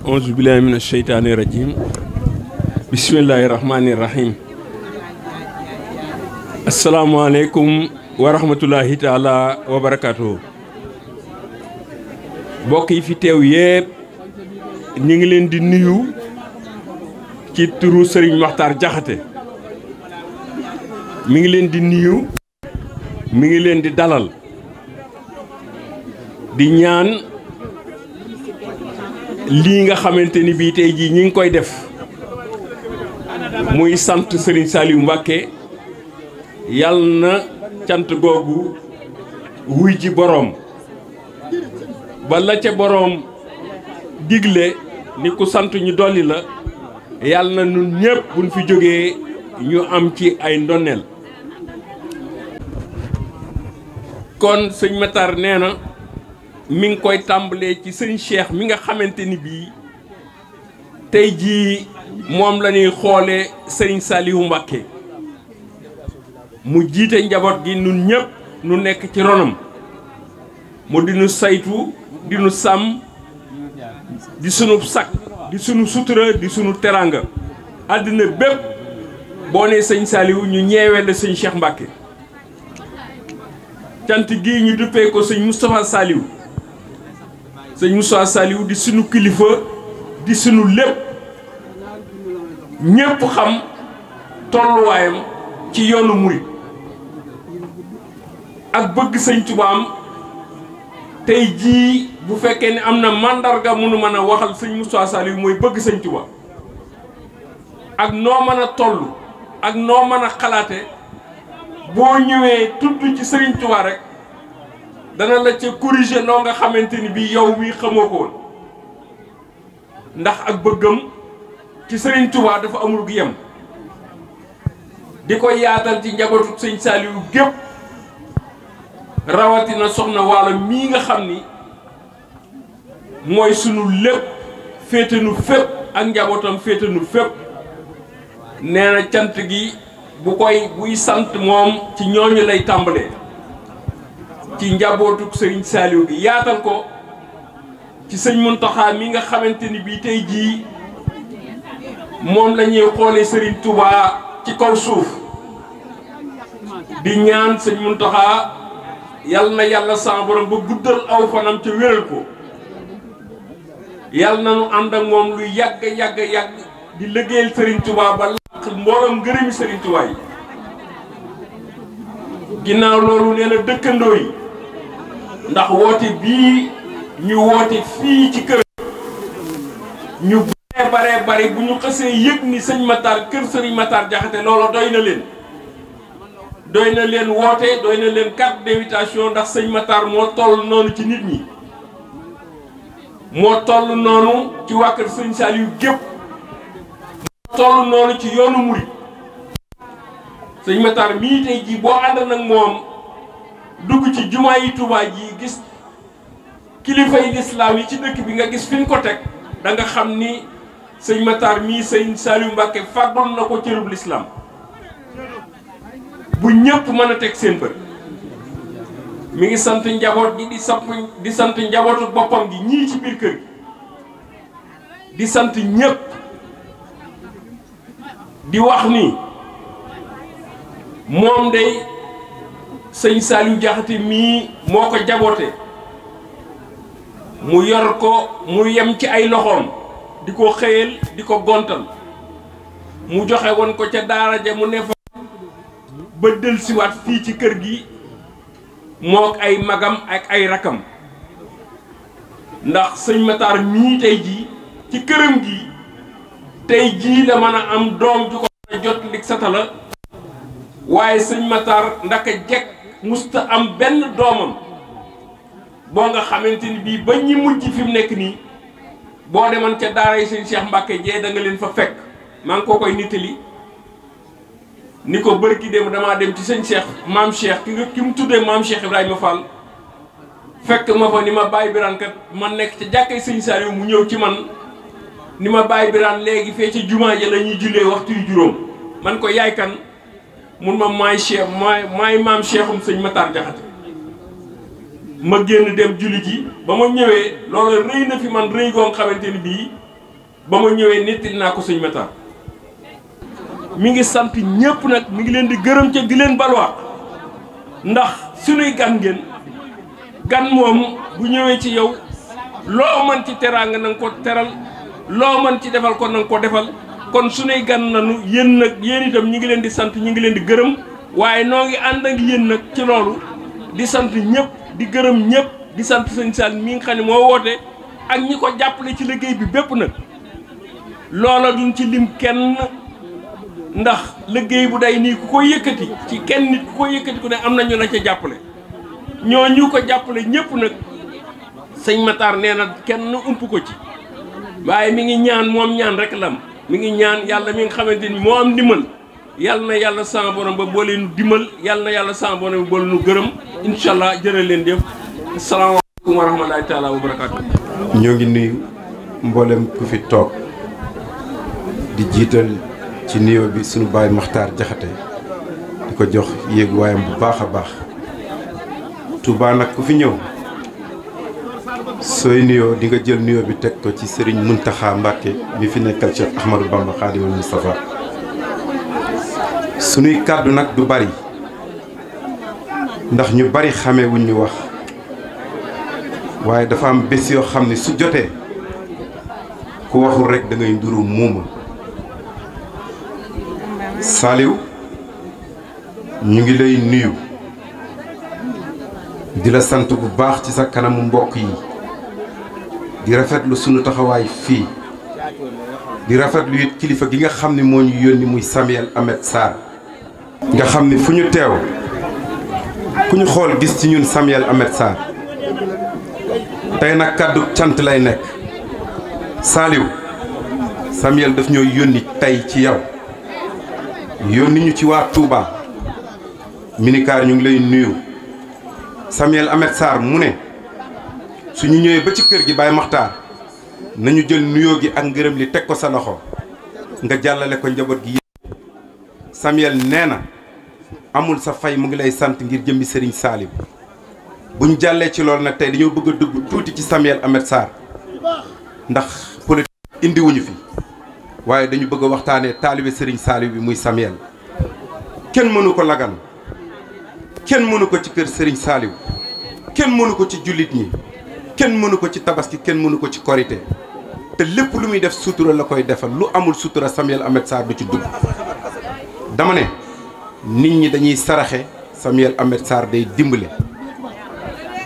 auzu billaahi mina sheytaani rajiim bismillaahi rahmaani rahiim asalaamaaleykum wa rahmatulahi mbokk yi fi teew yépp ñu ngi leen di nuyu ci turu sëriñ Makhtar Diakhaté mu ngi leen di nuyu mi ngi leen di dalal di ñaan lii nga xamante ni bii tey jii ñu ngi koy def muy sant Serigne Saliou Mbacké yàlla na cant googu wuy ci boroom ba la ca boroom digle ni ku sant ñu dolli la yàlla na ñun ñëpp buñ fi jógee ñu am ci ay ndoneel kon sëñ Matar nee na mi ngi koy tàmbalee ci sëñ Cheikh mi nga xamante ni bii tey jii moom lañuy ñuy xoolee sëriñ Saliou Mbacké mu jiite njaboot gi nun ñëpp nu nekk ci ronam mu di saytu di nu sàmm di sunu sakk di sunu sutura di sunu teranga àddina bépp boo nee sëñ Saliou ñu ñeewee la sëñ Cheikh Mbacké cant gii ñu duppee ko sëñ Moustapha Saliou sëñ Moussa Saliou di sunu kilifa di sunu lépp ñépp xam tolluwaayam ci yoonu murit ak bëgg sëñ tubaam tey jii bu fekkee ne am na màndarga munu mën a waxal sëñ Moussa Saliou mooy bëgg sëñ tubaam ak noo mën a toll ak noo mën a xalaate boo ñëwee tudd ci sëriñ tuba rek dana la ca corriger loo nga xamante ni bii yow wii xamoo ndax ak bëggam ci sëriñ Touba dafa amul gu yem di ko yaatal ci njabootu sëñ Saliou gépp rawatina soxna waalo mii nga xam ni mooy sunu lépp féetanu fépp ak njabootam féetanu fépp nee na cant gi bu koy buy sant moom ci ñooñu lay tàmbalee ci njabootu sëriñ Saliou gi yaatal ko ci sëñ Mountakha mi nga xamante ni bii tey jii moom lañuy ñuy xoolee sëriñ Touba ci kaw suuf di ñaan sëñ Mountakha yal na yàlla sa borom ba guddal aw fanam ca wéral ko yal na nu ànd moom lu yàgg yàgg yàgg di liggéeyal sëriñ Touba ba làq mbooloom ngërëmi sëriñ Touba yi ginnaaw loolu nee na dëkkandoo yi. ndax woote bii ñu woote fii ci kër ñu bare bare bu ñu xasee yëg ni sëñ Matar kër sëriñ Matar Jaxate loolu doy na leen doy na leen woote doy na leen carte d'invitation ndax sëñ Matar moo toll noonu ci nit ñi moo toll noonu ci waa kër sëñ Saliou gépp moo toll noonu ci yoonu murit sëñ Matar mii jii boo ànd nag moom dugg ci jumaa yi Tuubaa ji gis kilifa yi lislaam yi ci dëkk bi nga gis fi ñu ko teg da nga xam ni sëñ Matar mii sëñ Saliou Mbacke fàggoon na ko cërub lislaam bu ñëpp mën a teg seen bër mi ngi sant njaboot gi di samp sant njabootu boppam gi ñii ci biir kër gi di sant ñëpp di wax ni moom day sëñ Saliou Diakhaté mii moo ko jaboote mu yor ko mu yem ci ay loxoom di ko xëyal di ko gontal mu joxe woon ko ca daara ja mu ne ba dellusiwaat fii ci kër gi mook ay magam ak ay rakam ndax sëñ Matar mii tey jii ci këram gi tey jii la mën a am doom ju ko jot lig satala waaye sëñ Matar ndaka jekk musta am benn doomam boo nga xamante ni bii ba ñi mujj fi mu nekk nii boo demaan ca daara yi sëñ Cheikh Mbacke Dieye da nga leen fa fekk maa ngi koo koy nittali ni ko bërki dem damaa dem ci sëñ Cheikh maam Cheikh ki nga ki mu tuddee maam Cheikh Ibrahima Fall fekk ma fa ni ma bàyyi biraan kat ma nekk ca jàkkee sëñ Saliou mu ñëw ci man ni ma bàyyi biraan léegi fee ca jumaa ja la ñuy jullee waxtu yu juróom man ko yaay mun ma maay cheikh maay maay maam cheikhum sëñ Matar Jaxate ma génn dem julli yi ba ma ñëwee loolu rëy na fi man rëy goon xamante ni bii ba ma ñëwee nettali naa ko sëñ Matar mu ngi sant ñëpp nag mu ngi leen di gërëm ca di leen balwaat ndax suñuy gan ngeen gan moomu bu ñëwee ci yow loo mën ci teraanga na nga ko teral loo mën ci defal ko na nga ko defal kon sunuy gan nanu yéen nag yéen itam ñi ngi leen di sant ñi ngi leen di gërëm waaye noo ngi ànd ak yéen nag ci loolu di sant ñëpp di gërëm ñëpp di sant sëñ Sall mi nga xam ne moo woote ak ñi ko jàppale ci liggéey bi bépp nag loola duñ ci lim kenn ndax liggéey bu day nii ku ko yëkkati ci kenn nit ku ko yëkkati ku ne am na ñu la ca jàppale ñoo ñu ko jàppale ñëpp nag sëñ Matar nee na kenn ump ko ci waaye mi ngi ñaan moom ñaan rek lam mi ngi ñaan yàlla mi nga xamante ni moo am ndimbal yàlla na yàlla sama borom ba boo leen yàlla na yàlla sama borom ba boo gërëm incha allah jërë leen def asalaamaaleykum wa rahmatulahi taala wa barakaatu. ñoo ngi nuyu mboolem ku fi toog di jiital ci nuyoo bi sunu baay Maxtaar Jaxate di ko jox yéeguwaayam bu baax a baax Touba nag ku fi ñëw. sooy nuyoo di nga jël nuyoo bi teg ko ci Serigne Mountakha Mbacké mi fi nekkal Cheikh Ahmadou Bamba Khadimul Moustapha sunuy kàddu nag du bari ndax ñu bari xamee wuñ wax waaye dafa am bés yoo xam ne su jotee ku waxul rek da ngay nduru muuma Saliou ñu ngi lay nuyu di la sant bu baax ci sa kanamu mbokk yi di rafetlu suñu taxawaay fii di rafetlu it kilifa gi nga xam ne moo ñu yónni muy Samuel Ahmed Sarr nga xam ni fu ñu teew ku ñu xool gis ci ñun Samuel Ahmed Sarr tey nag kàddu cant lay nekk Saliou Samuel daf ñoo yónni tey ci yow yónni ñu ci waa Touba minikaar ñu ngi lay nuyu Samuel Ahmed Sarr mu ne suñu ñëwee ba ci kër gi Baye Makhtar nañu jël nuyoo gi ak ngërëm li teg ko sa loxo nga jàllale ko njaboot gi yëpp Samuel nee na amul sa fay mu ngi lay sant ngir jëmmi sëriñ Salim buñ jàllee ci loolu nag tey dañoo bëgg a dugg tuuti ci Samuel Ahmed Sarr ndax politique indiwuñu fi waaye dañu bëgg waxtaanee taalibe sëriñ Salim bi muy Samuel kenn mënu ko lagan kenn mënu ko ci kër sëriñ Salim kenn mënu ko ci jullit ñi. kenn mënu ko ci tabaski kenn mënu ko ci korité te lépp lu muy def sutura la koy defal lu amul sutura Samuel Ahmed Sarr du ci dugg dama ne nit ñi dañuy saraxe Samuel Ahmed Sarr day dimbale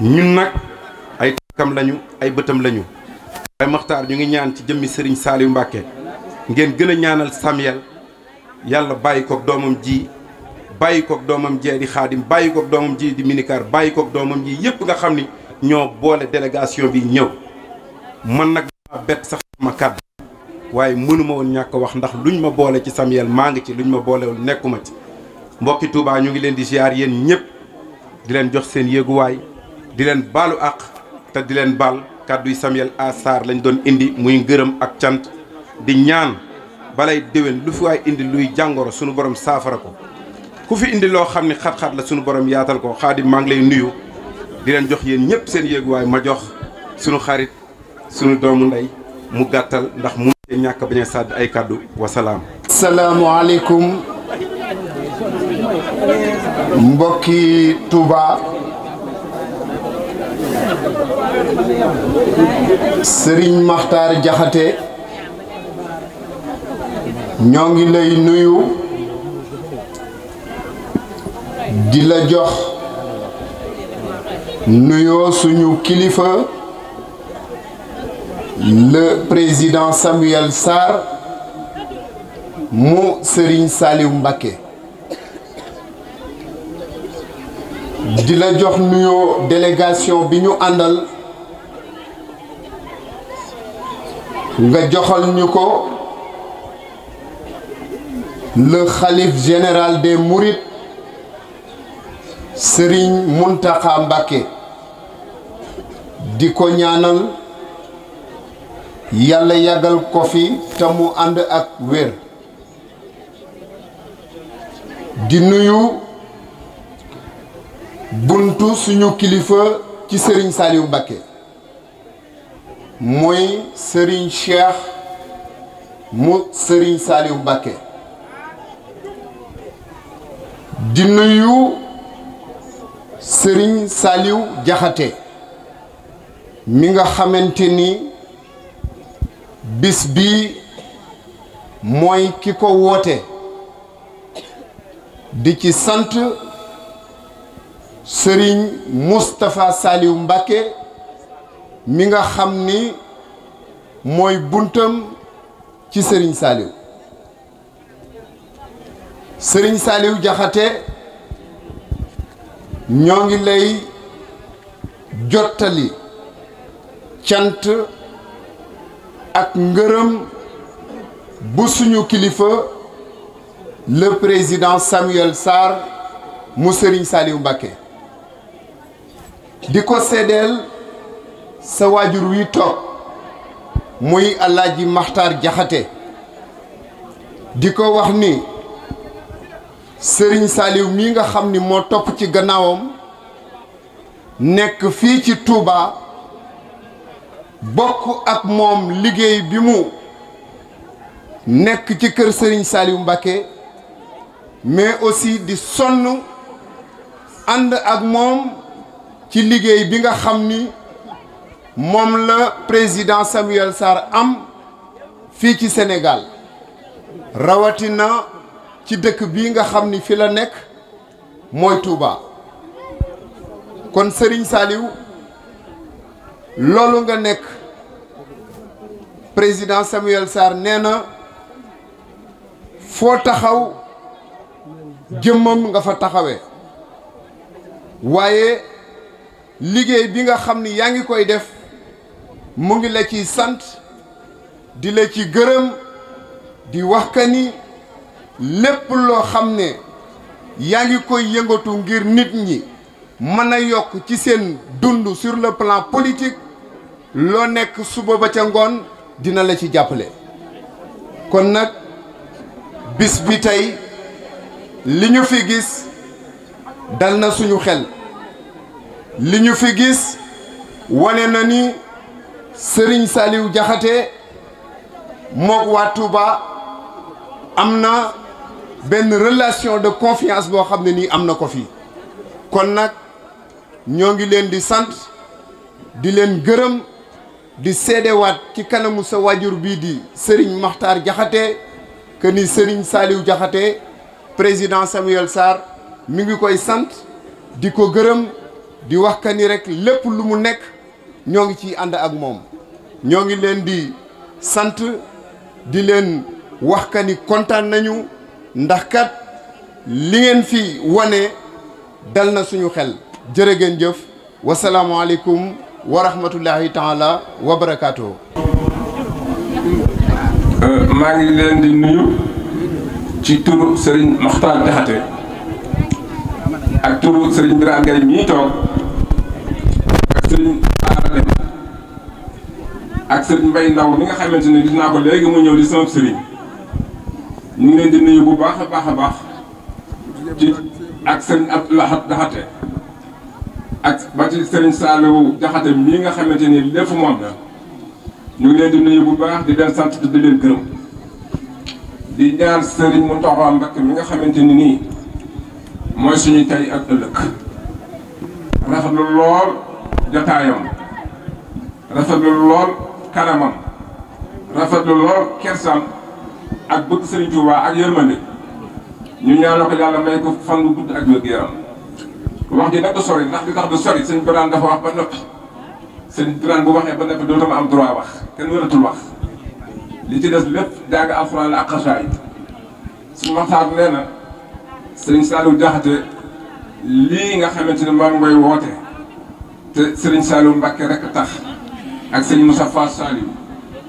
ñun nag ay tànkam lañu ay bëtam lañu waaye Maxtaar ñu ngi ñaan ci jëmmi sëriñ Saliou Mbacke ngeen gën a ñaanal Samuel yàlla bàyyi koog doomam ji bàyyi koog doomam jee di xaadim bàyyi koog doomam ji di minikaar bàyyi koog doomam jii yépp nga xam ni ñoo boole délégation bi ñëw man nag maa bett sax sama kàddu waaye mënuma woon ñàkk wax ndax luñ ma boole ci Samuel maa ngi ci luñ ma boolewul nekkuma ci mbokki Touba ñu ngi leen di ziar yéen ñëpp di leen jox seen yéeguwaay di leen baalu àq te di leen baal kàddu yi Samuel A Sarr lañ doon indi muy ngërëm ak cant di ñaan balay déwén lu fi waay indi luy jàngoro sunu borom saafara ko ku fi indi loo xam ne xat-xat la suñu borom yaatal ko xaadim maa ngi lay nuyu di leen jox yéen ñëpp seen yéeguwaay ma jox sunu xarit sunu doomu ndey mu gàttal ndax mu te ñàkk bañ sàdd ay kàddu wasalaam. salaamualeykum mbokki Touba sëriñ Makhtar Diakhaté ñoo ngi lay nuyu di la jox. nuyoo suñu kilifa le président Samuel Sarr mu Serigne Saliou Mbacké di la jox nuyoo délégation bi ñu àndal nga joxal ñu ko le xalif général des murit Serigne Mountakha Mbacké di ko ñaanal yàlla yàggal ko fi te ànd ak wér di nuyu buntu suñu kilifa ci sëriñ Saliou Mbacké muy sëriñ Cheikh mu sëriñ Saliou Mbacké di nuyu sëriñ Saliou jaxate mi nga xamante ni bis bi mooy ki ko woote di ci sant sëriñ Moustapha Saliou Mbacké mi nga xam ni mooy buntam ci sëriñ Saliou sëriñ Saliou jaxate ñoo ngi lay jottali cant ak ngërëm bu suñu kilifa le président Samuel Sarr mu Serigne Saliou Mbacké di ko seddeel sa waajur wi toog muy Alaaji maxtar Jaxate di ko wax ni Serigne Saliou mii nga xam ni moo topp ci gannaawam nekk fii ci Touba bokk ak moom liggéey bi mu nekk ci kër sëriñ Saliou Mbacké mais aussi di sonn ànd ak moom ci liggéey bi nga xam ni moom la président Samuel Sarr am fii ci Sénégal rawatina ci dëkk bii nga xam ni fi la nekk mooy Touba kon Serigne Saliou loolu nga nekk président Samuel Sarr nee na foo taxaw jëmmam nga fa taxawee waaye liggéey bi nga xam ni yaa ngi koy def mu ngi la ciy sant di la ci gërëm di wax ka ni lépp loo xam ne yaa ngi koy yëngatu ngir nit ñi mën a yokk ci seen dund sur le plan politique loo nekk suba ba ca ngoon dina la ci jàppale kon nag bis bi tey li ñu fi gis dal na suñu xel li ñu fi gis wane na ni sëriñ Saliou jaxate mook waa Touba am na benn relation de confiance boo xam ne nii am na ko fi kon nag ñoo ngi leen di sant di leen gërëm di seedewaat ci kanamu sa waajur bii di Serigne maxtar Diakhaté que ni Serigne Saliou Diakhaté président Samuel Sarr mu ngi koy sant di ko gërëm di wax ka ni lépp lu mu nekk ñoo ngi ciy ànd ak moom ñoo ngi leen di sant di leen wax ka ni kontaan nañu ndax kat li ngeen fi wane dal na suñu xel jërë ngeen jëf wasalaamualeykum wa rahmatullahi taala wa barakaatuhu euh, maa ngi leen di nuyu ci turu sëriñ Makhtar Diakhaté ak turu sëriñ Birane Gaye mii ak sëriñ Bara Dem ak Ndaw mi nga xamante ne gis naa ko léegi mu ñëw di sama Serigne ñu ngi leen di nuyu bu baax a baax a baax ci ak Serigne Abdou Lahad Diakhaté ak ba ci Serigne jaxate Diakhaté mii nga xamante ni lépp moom la ñu ngi leen di nuyu bu baax di leen sant di leen gërëm di sëriñ Serigne Mountakha Mbacké mi nga xamante ni nii mooy suñu tey ak ëllëg rafetlu lool jotaayam rafetlu lool kanamam rafetlu lool kersam ak bëgg Serigne Touba ak yërmande ñu ñaanoo ko yàlla may ko fan bu gudd ak wér yaram wax ji nag du sori ndax li tax du sori sëñ Birane dafa wax ba noppi seen Birane bu waxee ba noppi dootuma am droit wax kenn waratul wax li ci des lépp jàng alxuraan la ak xasaay su maxtaar nee na sëriñ Saliou Diakhaté lii nga xamante ne maa ngi koy woote te sëriñ Saliou Mbacké rek tax ak sëñ Moussa Fall Saliou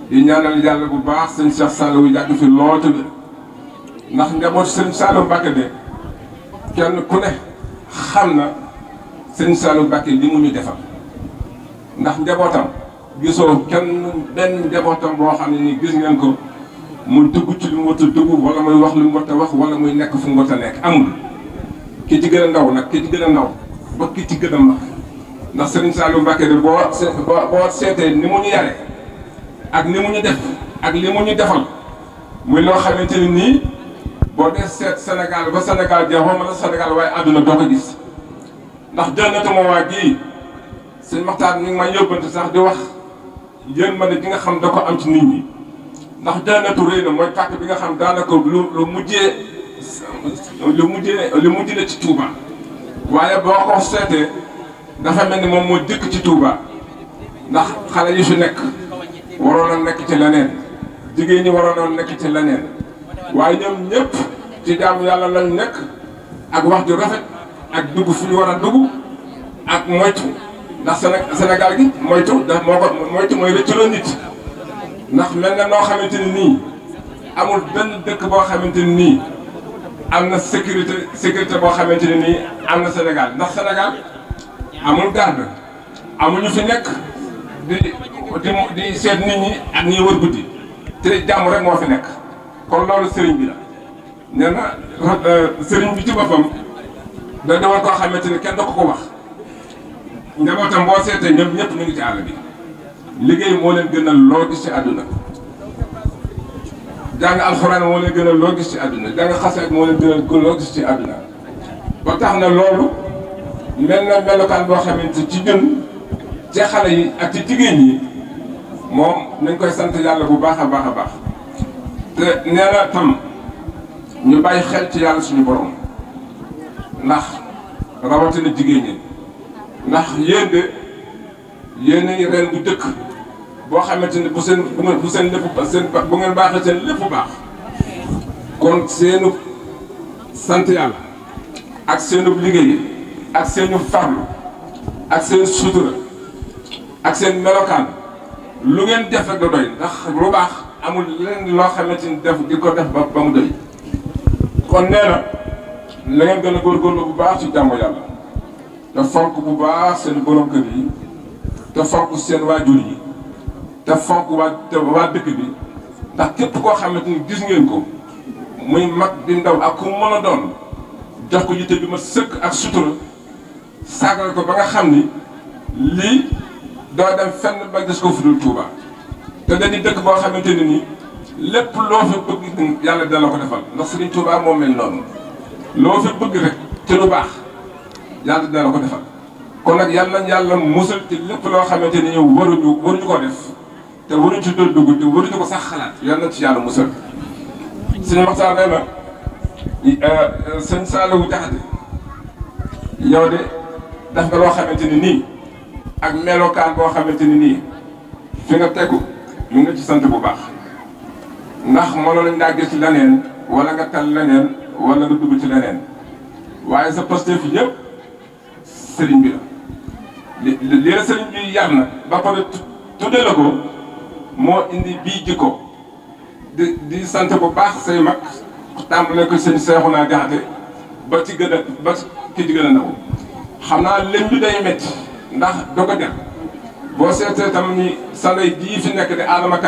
di ñaanal yàlla bu baax sëñ Cheikh Saliou yàgg fi lool tamit ndax njaboot sëriñ Saliou Mbacké de kenn ku ne xam na sëñ Saliou Mbacké li mu ñu defal ndax njabootam gisoo kenn benn njabootam boo xam ne ni gis ngeen ko mu dugg ci lu mu war a dugg wala muy wax lu mu war a wax wala muy nekk fu mu war a nekk amul ki ci gën a ndaw nag kii ci gën a ndaw ba kii ci gën a mag ndax sëriñ Saliou Mbacké bi boo boo seetee ni mu ñu yare ak ni mu ñu def ak li mu ñu defal muy loo xamante ni nii boo dee seet Sénégal ba Sénégal jeex moom la Sénégal waaye àdduna doo ko gis ndax jannatu ma waa gii sëñ Maxtaar ñu ngi may yóbbante sax di wax yéen ma ne di nga xam da ko am ci nit ñi ndax jannatu rëy na mooy pàkk bi nga xam daanaka lu lu lu mujjee lu mujj la ci Touba waaye boo ko seetee dafa mel ni moom moo dëkk ci Touba ndax xale yi fi nekk waroon a nekk ci leneen jigéen ñi waroon a nekk ci leneen waaye ñoom ñëpp ci jaamu yàlla lañ nekk ak wax ju rafet ak dugg fu ñu war a dugg ak moytu ndax Sénégal gi moytu ndax moo mooy rëcculoo nit ndax mel na noo xamante ni nii amul benn dëkk boo xamante ni nii am na sécurité sécurité boo xamante ni nii am na Sénégal ndax Sénégal amul garde amuñu fi nekk di di di seet nit ñi ak ñuy wër guddi te jàmm rek moo fi nekk. kon loolu sëriñ bi la nee na euh, sëriñ bi ci boppam da dawal koo xamante ni kenn da ko ko wax njabootam boo seetee ñoom ñëpp ñu ngi ci àll bi liggéey moo leen gënal loo gis ci àdduna jàng alxuraan moo leen gënal loo gis ci àdduna jàng xaseet moo leen gënal loo ci àdduna ba tax na loolu mel na melokaan boo xamante ci ñun ci xale yi ak ci jigéen ñi moom nañ koy sant yàlla bu baax a baax a baax nee na tam ñu bàyyi xel ci yàlla suñu borom ndax rawatina jigéen ñi ndax yéen de yéen a ngi ren bu dëkk boo xamante ne bu seen bu ngeen bu seen lépp seen bu baax kon seenu sant yàlla ak seenu liggéey ak seenu farlu ak seen sutura ak seen melokaan lu ngeen def rek doy ndax lu baax. amul lenn loo xamante ni def di ko def ba ba mu doy kon nee na la ngeen gën a góorgóorlu bu baax ci jàmm yàlla te fonk bu baax seen borom kër yi te fonk seen waajur yi te fonk waa te waa dëkk bi ndax képp koo xamante ni gis ngeen ko muy mag di ndaw ak ku mën a doon jox ko yitte bi ma sëkk ak sutura saagal ko ba nga xam ni lii doo dem fenn ba gis ko fudul Touba. te dañuy dëkk boo xamante ne nii lépp loo fi bëgg yàlla dana ko defal ndax Serigne tuubaa moom mel noonu loo fi bëgg rek te lu baax yàlla dana ko defal kon nag yàlla nañ yàlla musal ci lépp loo xamante ni ñu waruñu ko def te waruñu ci doon dugg te waruñu ko sax xalaat yàlla nañ ci yàlla musal. suñu waxtaan nee na euh, euh, sëñ Saliou Diakhaté yow de def nga loo xamante ni nii ak melokaan boo xamante ni nii fi nga tegu. ñu nga ci sant bu baax ndax mënoon nañ daa gis leneen wala nga tal leneen wala nga dugg ci leneen waaye sa Pastef fi yëpp sëriñ bi la li li la sëriñ bi yar ba pare tudde la ko moo indi bii jikko di di sant bu baax say mag tàmbale ko sëñ seexu naa jaxate ba ci gën a ba ci ki ci gën a ndaw xam naa lim bi day métti ndax doo boo seetee tam ni salay bii fi nekk di Adama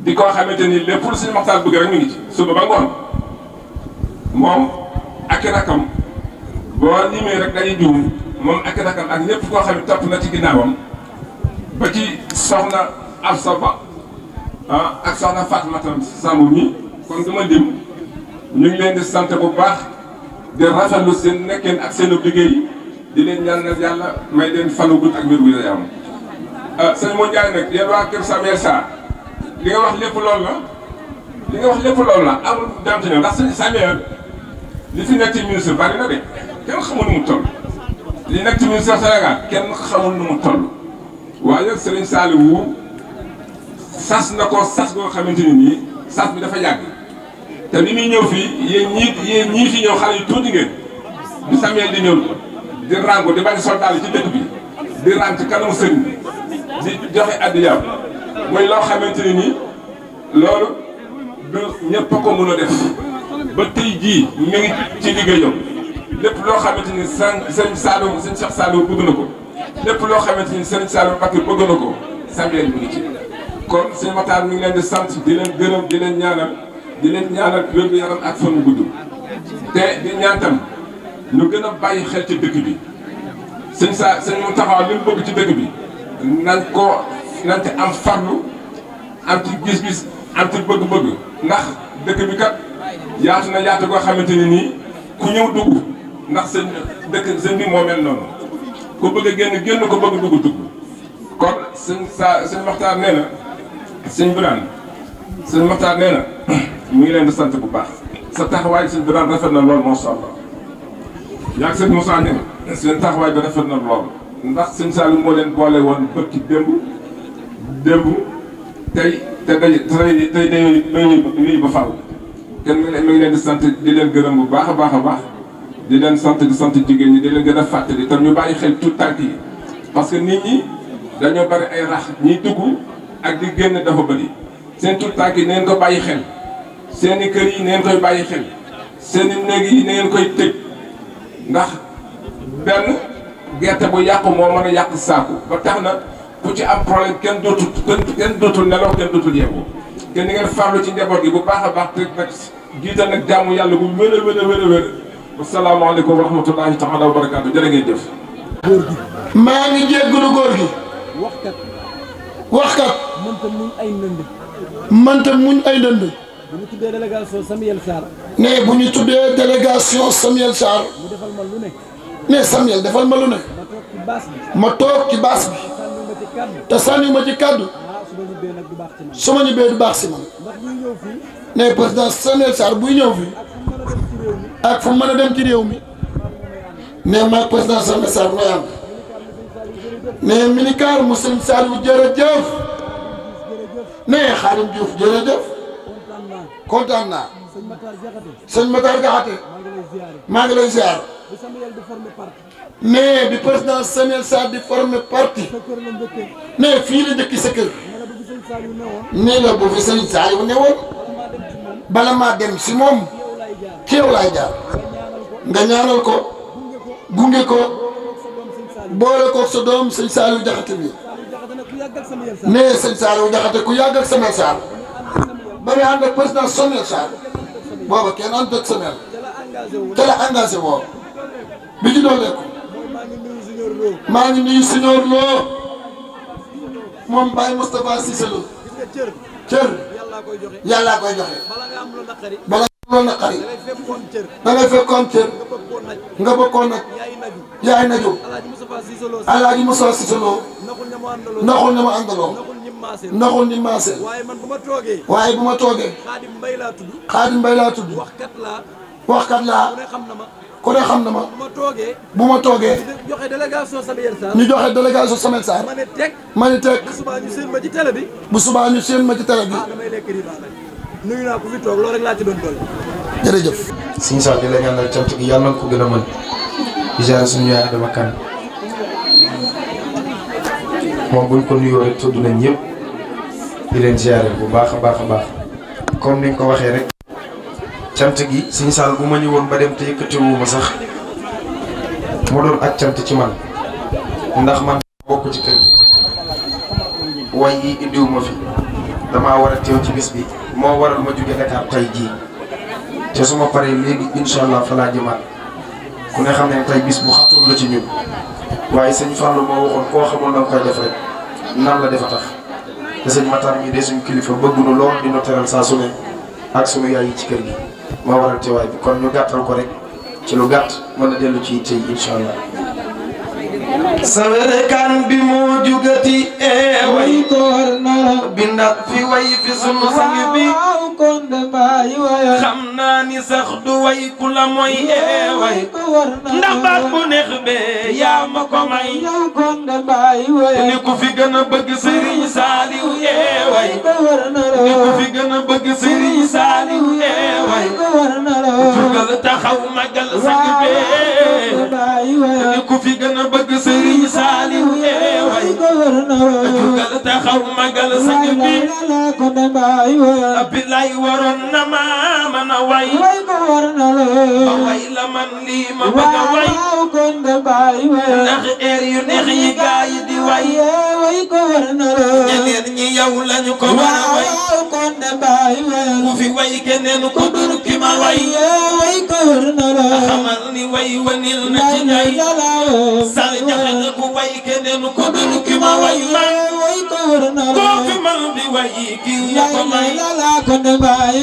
di koo xamante ni lépp lu suñu maxtaan rek mi ngi ci suba ba ngoon moom ak rakam boo limee rek dañuy juum moom ak rakam ak ñëpp koo xam ne topp na ci ginnaawam ba ci soxna Afsa Ba ah ak soxna Fatmata Samb mi kon duma lim ñu ngi leen di sant bu baax di rafetlu seen nekkeen ak seen liggéey di leen ñaanal yàlla may leen fanu ak wér gu am Euh, sëñ Modou Diagne nag yéen waa Kër Samuel Sarr li nga wax lépp lool la li nga wax lépp loolu la amul dem ci ñoom ndax sëñ Samuel li fi nekk ci ministre bari na de kenn xamul nu mu toll. li nekk ci ministre Sénégal kenn xamul nu mu toll waaye nag Serigne Saliou sas na ko sas goo xamante ni nii sas bi dafa yàgg te li muy ñëw fii yéen ñii yéen ñii fi ñëw xale yu tuuti ngeen bi Samuel di ñëw di ràngu di bañ soldat yi ci dëkk bi di ràng ci kanamu sëriñ di joxe addiyaam muy loo xamante ne nii loolu du ñëpp a ko mën a def ba tey jii mi ngi ci liggéeyam lépp loo xamante ni sàn sëñ Saloum sëñ Cheikh Saloum bëgg na ko lépp loo xamante ni sëñ Saloum Mbacké bëgg na ko sam mi ngi ci. kon sëñ Matar mi ngi leen sant di leen gërëm di leen ñaanal di leen ñaanal wér gu yaram ak fan gudd te di ñaan ñu gën a bàyyi xel ci dëkk bi sëñ sa sëñ Moustapha li mu bëgg ci dëkk bi. nan ko nan ci am farlu am ci gis-gis am ci bëgg-bëgg ndax dëkk bi kat yaatu na yaatu koo xamante ne nii ku ñëw dugg ndax sëñ dëkk sëñ bi moo mel noonu ku bëgg génn génn ko bëgg dugg dugg kon sëñ sa sëñ Maxtaar nee na sëñ Birane sëñ Maxtaar nee na mu ngi leen di sant bu baax sa taxawaay sëñ Birane rafet na lool macha allah yaa ngi sëñ Moussa nee na seen taxawaay bi rafet na lool. ndax sëñ Saalum moo leen boole woon bëkki démb démb tey te dañuy tey tey nii dañuy ba faaw kenn mi ngi leen di sant di leen gërëm bu baax a baax a baax di leen sant di sant jigéen ñi di leen gën a fàttali tam ñu bàyyi xel tout tànk yi parce que nit ñi dañoo bari ay rax ñi dugg ak di génn dafa bëri seen tout tànk yi neen ko bàyyi xel seen i kër yi neen koy bàyyi xel seen néeg yi neen koy tëj ndax benn. gerte bu yàqu moo mën a yàq saaku ba tax na ku ci am problème kenn dootul kenn dootul nelaw kenn dootul yeewu te ni ngeen farlu ci njaboot gi bu baax a baax te nag jiital nag jaamu yàlla bu wér a wér a wér a wér wasalaamaaleykum wa rahmatulahi taala wa barakaatu jërë ngeen jëf. góor gi. maa ngi jéggalu góor gi. waxkat. waxkat. mënta muñ ay ndënd. mënta muñ ay ndënd. bu ñu tuddee délégation Samuel Sarr. ne bu ñu tuddee délégation Samuel Sarr. mu defal ma lu ne Samuel defal ma lu ne ma toog ci baas bi te sànniwu ma ci kàddu su ma ñibbee du baax si man ne président Samuel Sarr buy ñëw fii ak fu mën a dem ci réew mi ne maag président Samuel Sarr nooy am ne minicar mu Sëriñ Sarr yu jërëjëf ne Xaadim Diouf jërëjëf kontaan naa sëñ Matar Jaxate maa ngi lay ziar bi Samuel di former parti. ne bi président Samuel Sarr di former parti. sa kër la njëkkee. ne fii la njëkki sa kër. ne la bu fi sëñ Saliou ne woon. bala maa dem si moom. ci yow laay jaar. nga ñaanal ko. gunge ko. boole koog sa doom sëñ Saliou Diakhaté bi. ne sëñ Saliou Diakhaté ku yàgg ak Samuel yàggal ba muy ànd ak président Samuel Sarr. booba kenn ànd ak Samuel. te la engagé woo. bi ci dooleeku maa ngi nuyu Sëñor Lo moom Baye Moustapha Cissé Lo cër yàllaa koy joxe bala nga am loo naqari da ngay fekkoon cër nga bëggoon nag yaay naju Alaaji Moustapha Cissé Lo naxul ne ma àndaloo naxul ni maaseel waaye bu ma toogee waaye bu ma toogee Xaadim Mbay laa tudd waxkat laa waxkat laa. ku ne xam na ma bu ma toogee ñu joxe délégation Samuel Sarr ñu joxe délégation Samuel Sarr ma ne teg ma ne teg bu subaa ñu seen ma ci télé bi bu subaa ñu seen ma ci télé bi ah, nuyu naa ku fi toog loolu rek jërëjëf Sëñ Saar di la ñaanal cant gi yàlla na ko gën a mën di ziare suñu yaay dama kan moom buñ ko nuyoo rek tudd nañ ñëpp di leen ziare bu baax a baax a baax comme ni nga ko waxee rek cant gi suñ saal bu ma woon ba dem te yëkkatiwuma sax mu doon ak cant ci man ndax man bokk ci kër gi way yi indiwuma fi damaa war a teew ci bis bi moo waral ma jóge tey jii te su ma paree léegi incha allah fa laa ku ne xam ne tey bis bu xatoon la ci ñun waaye sëñ Fallou moo waxoon koy def rek nan la defa tax te sëñ Matar mi de suñu kilifa bëgg nu lool di nu teral saa su ne ak suñu yaay ci kër gi. moo waral teewaay bi kon ñu gàttal ko rek ci lu gàtt mën a dellu ci tey incha allah. sawerkan bi moo jugati ee way koor na binda fi way fi sunu sang bi xam naa ni sax way ku la mooy ee ndax baat bu neex bee yaa ma ko may ni ku fi gën a bëgg Serigne Saliou ee way e ni ku fi gën a bëgg Serigne Saliou ee way jugal taxaw magal sang bee ni ku fi gën a bëgg Sëriñ Saaliw eh, way jugal taxaw magal sang bi bilaay waroon na ma mën a way ba way la man lii ma bëgg a way ndax eer yu neex yi gaa yi di way ñeneen ñi yow lañu ko war a way ku fi way keneen ko dul ki ma way xamal ni way wanil na ci ñay sal jaxal way keneen ko dul ki ma fi man di way ki ya ko may la ko ne bay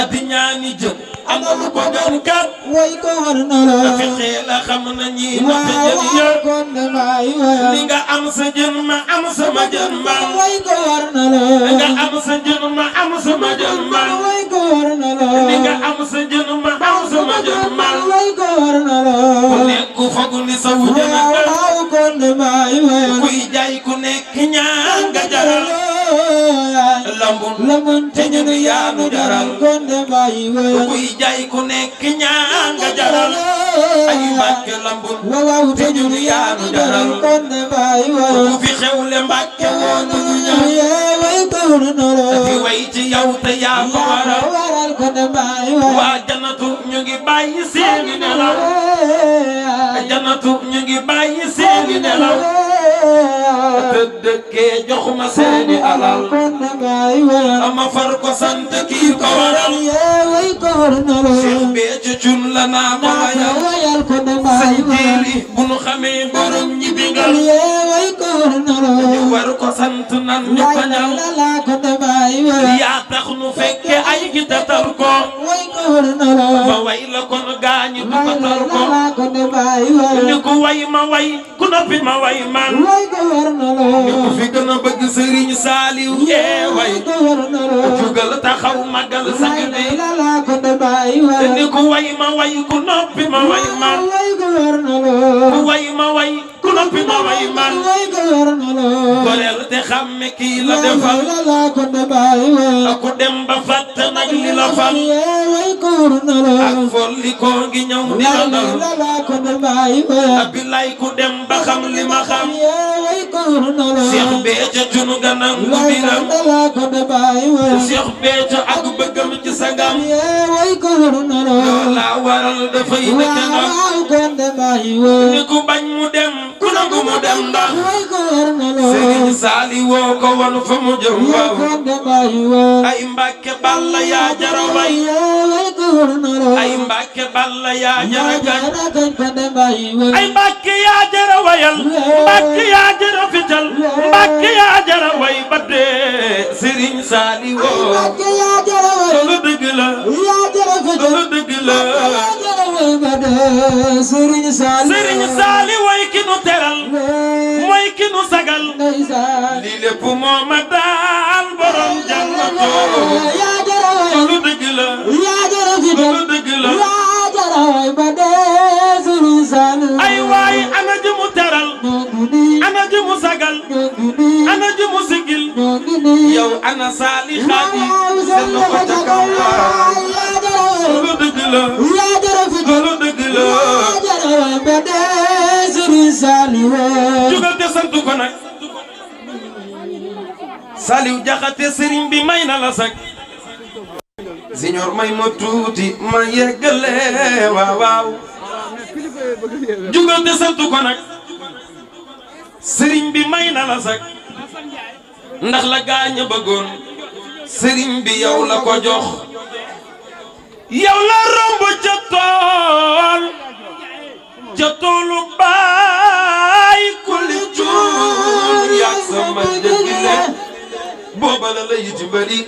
adi ñaani jëm am na lu ko gën kat. way ko war na la. dafa xeel a xam na ñii dafa jëm yër. kon damay waya. li nga am sa jën ma am sama jën ma. way ko war na la. li nga am sa jën ma am sama jën ma. way ko war na la. li nga am sa jën ma am sama jën ma. way ko war na la. ku nekk fogu ni sa wujj na. waaw kon damay waya. kuy jaay ku nekk ñaan nga jaral. lambun lambun te ñunu yaanu jaral gonde bayi weyal kuy jaay ku nekk ñaan nga jaral ay mbàkke lambun waaw te ñunu yaanu jaral gonde bayi weyal ku fi xewle mbàkke woon ñu fi way ci yow te yaa ko waral waral gonde bayi weyal waa janatu ñu ngi bàyyi seeni nelaw janatu ñu ngi bàyyi seeni nelaw dëkkee jox ma seeni alal ama far ko sant kii ko waral. Cheikh Béthio Thioune la naa ko say jéeli bu nu xamee borom ñi bigal yeeway koor naroo ñu war ko sant nan ñu bañal laa ko dabaay way yaa tax nu fekke ay gi tatar ko way koor naroo ma way la kon gaañu du tatar ko laa ko dabaay way ñu ko way ma way ku noppi ma way man way koor naroo ñu ko fi gën a bëgg sëriñ Saaliw yeeway way koor naroo jugal taxaw magal sagal laa ko bàyyi ma te ni ku way ma way ku noppi ma way man ku way ma way ku noppi ma way man goleel te xàmme kii la defal ak ku dem ba fàtte nag li la fal ak folli koo ngi ñëw ni la dal abilaay ku dem ba xam li ma xam Seex Béthio cunu ga nangu biram Seex Béthio ak bëggam ci sagam ko waroon na loo. loola waral dafay nekk ndox. waaw gonde maa yi woo. ni ku bañ mu dem. ku nangu mu dem ndox. waay ko waroon na loo. Serigne Sali woo ko wan fa mu jëm. waaw gonde maa yi woo. ay Mbàkke Balla yaa jara way. waay ko waroon na loo. ay Mbàkke Balla yaa jara gan. yaa jara gan gonde maa yi woo. ay Mbàkke yaa jara wayal. Mbàkke yaa jara fital. Mbàkke yaa jara way ba dee. Serigne Sali woo. ay Mbàkke yaa jara way. loolu dëgg la. loolu dëgg la Serigne Saliou way ki nu teral mooy ki nu sagal lii lépp moo ma daal borom jàmmato loolu dëgg la loolu dëgg la ay waay ana ji teral ana ji mu sagal ana ji mu sigil yow ana Saliou xaadi sa loxo ca kaw loolu dëgg la. yaa jugal te sant ko nag. Saliou bi may na la sax. Signor bi may na la ndax la gaañ a bëggoon. Serigne bi yow la ko yow la romb ca tool ca toolu baay kulli cuun yàgg sama njëkk la booba la la yiti mbëri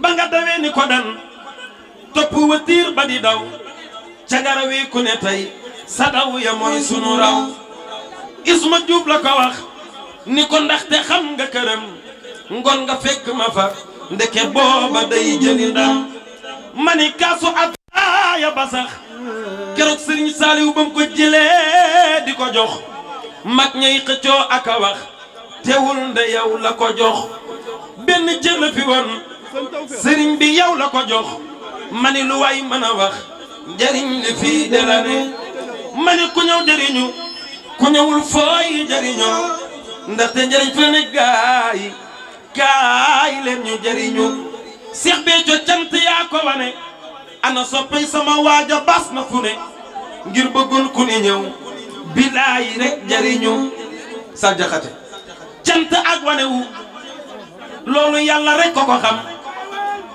ba nga dawee ni ko dan topp watiir ba di daw ca garawi ku ne tey sa daw ya mooy sunu raw isma juub la ko wax ni ko ndaxte xam nga këram ngoon nga fekk ma fa ndeke booba day jëli ndam mani kaasu ataaya ba sax keroog sëriñ saaliw ba mu ko di ko jox mag ñay xëccoo ak teewul nde yow la ko jox benn cër fi woon sëriñ bi yow la ko jox mani lu waay mën a li fii de la ne ku ñëw jariñu ku ñëwul fooy jariñoo ndaxte njariñ fa ne gaay kaay leen ñu jariñu Cheikh Béthio cant yaa ko wane ana soppay sama waaja bas na fu ne ngir bëggul ku ni ñëw bilaay rek jariñu sa jaxate cant ak wane wu loolu yàlla rek ko ko xam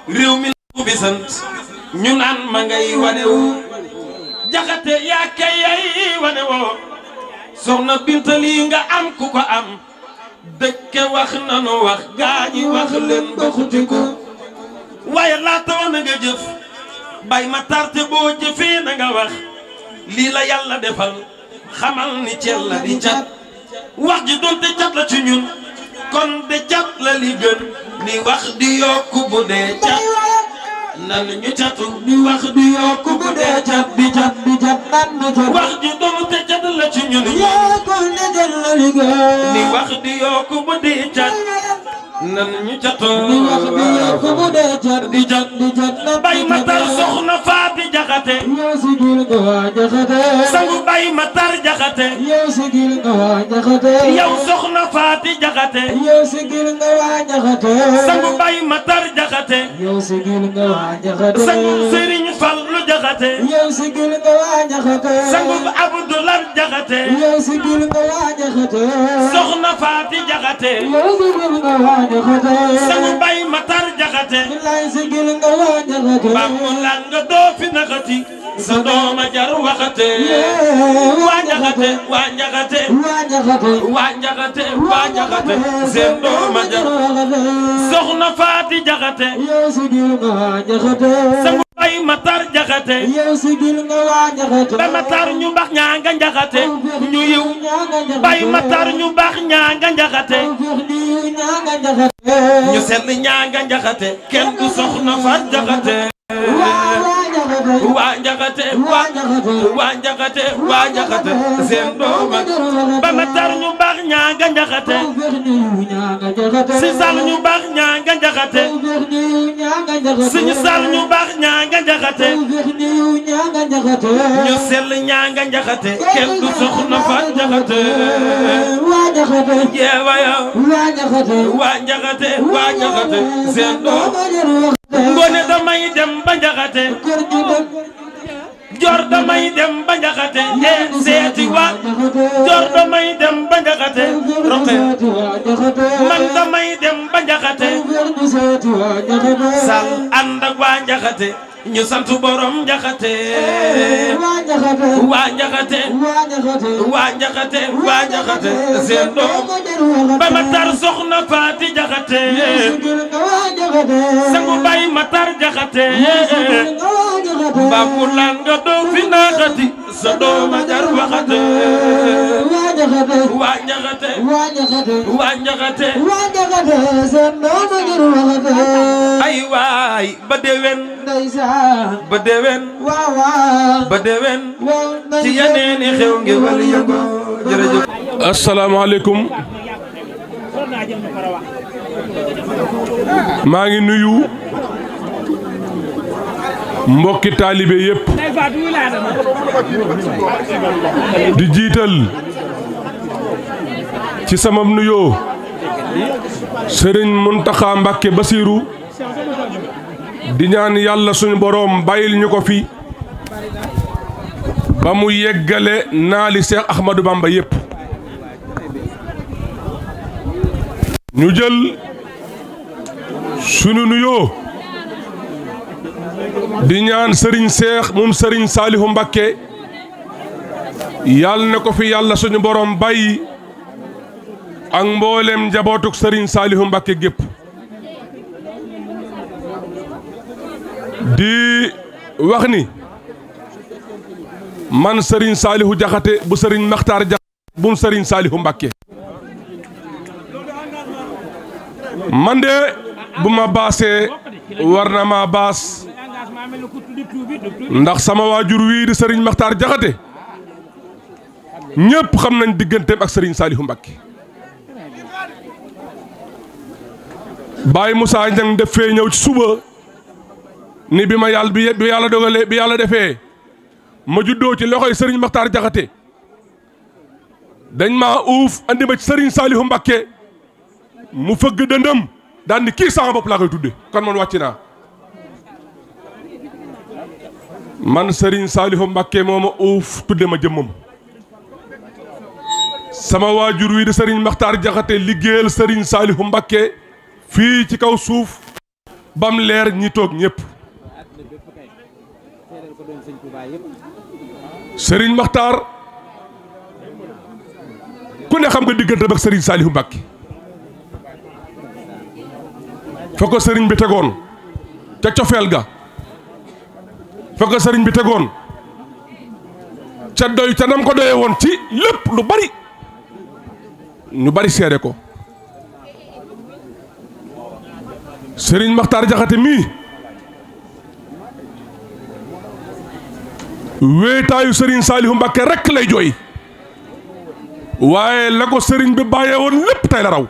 réew mi bu bi sant ñu naan ma ngay wane wu jaxate yaa kay yay wane woo soxna Binta lii nga am ku ko am dëkke wax nanu wax gaañi wax leen ba waaye laata na nga jëf bay ma tarte boo jëfee na nga wax lii la yàlla defal xamal ni cel la di cat wax ji doonte cat la ci ñun kon de cat la li gën ni wax di yokku bu dee cat nan ñu catu ni wax di yokku bu dee cat di cat di cat nan di cat wax ji doonte cat la ci ñun yokku ne cat la li gën ni wax di yokku bu dee cat nan ñu jatoo di wax bi yow fu mu dee jat di jat di jat na bay matar soxna Faati Jaxate yow si gil nga waa Jaxate sangu bay matar Jaxate yow si gil nga waa Jaxate yow soxna Faati Jaxate yow si gil nga waa Jaxate sangu bay matar Jaxate yow si gil nga waa Jaxate sangu Sëriñ Fallu Jaxate yow si gil nga waa Jaxate sangu Abdulaay Jaxate yow si gil nga waa Jaxate soxna Faati Jaxate yow si gil nga waa jaxate sama bay matar jaxate billahi sigil nga waa jaxate ba mu la nga doo fi naxati sa dooma jar waxate waa njaxate waa njaxate waa njaxate waa njaxate seen dooma jar soxna faati jaxate sangu bay matar jaxate ba matar ñu bax ñaanga njaxate ñu yiw bay matar ñu bax ñaanga njaxate ñu sell ñaanga njaxate kenn soxna faat jaxate waa njaxate waa njaxate waa njaxate waa njaxate seen doom ba matar ñu baax ñaa nga njaxate si sal ñu baax ñaa nga njaxate suñu sal ñu baax ñaa nga njaxate ñu sell ñaa nga njaxate kenn du soxna fa njaxate waa njaxate jeewa yow waa njaxate waa njaxate waa njaxate seen doom ngone damay dem ba njaxate jor damay dem ba njaxate e seeti wa jor damay dem ba njaxate roqe man damay dem ba njaxate sal ànd ak njaxate ñu sant borom njaxate waa njaxate waa njaxate waa njaxate seen doom ba matar soxna faati njaxate sangu bay matar njaxate mbaaku laan nga doom fi naaxati sa doom a jar waxate waa njaxate waa njaxate seen doom a jar waxate ay waay ba dewen ba déwén maa ngi nuyu mbokki taalibe yépp di jiital ci sama nuyoo sëriñ Muntaxa Mbàkke Basiiru di ñaan yàlla suñu boroom bàyyil ñu ko fi ba mu yeggale naali Seex Ahmadou Bamba yépp ñu jël sunu nuyoo di ñaan sëriñ seex moom sëriñ saalihu Mbakke yàlla na ko fi yàlla suñu boroom bayi ak mboolem njabootuk sëriñ saalihu Mbakke gépp di wax ni man Serigne Salihu Jaxate bu Serigne Maxtaar Jaxate bu Serigne Salihu Mbàkke man de bu ma baasee war na maa baas ndax sama waajur wii di Serigne Maxtaar Jaxate ñépp xam nañ digganteem ak Serigne Salihu Mbàkke Baye Moussa Niang def fee ñëw ci suba ni bi ma yàlla bi bi yàlla dogalee bi yàlla defee ma juddoo ci loxoy sëriñ Maxtaar Jaxate dañ maa uuf andi ma ci sëriñ Saalihu Mbakke mu fëgg dëndëm daan ni kii sama bopp laa koy tudde kon man wàcc naa man sëriñ Saalihu Mbakke moo ma uuf tudde ma jëmmam sama waajur wii di sëriñ Maxtaar Jaxate liggéeyal sëriñ Saalihu Mbakke fii ci kaw suuf bam leer ñi toog ñëpp sëriñ Makhtar ku ne xam nga diggante ak sëriñ Saliou Mbacké fa sëriñ bi tegoon ca cofeel ga fa sëriñ bi tegoon ca doy ca nam ko doyee woon ci lépp lu bari ñu bari seede ko sëriñ Makhtar Diakhaté mii. wéetaayu sëriñ saalihu mbàkke rekk lay jooy waaye la sëriñ bi bàyyee woon lépp tey la raw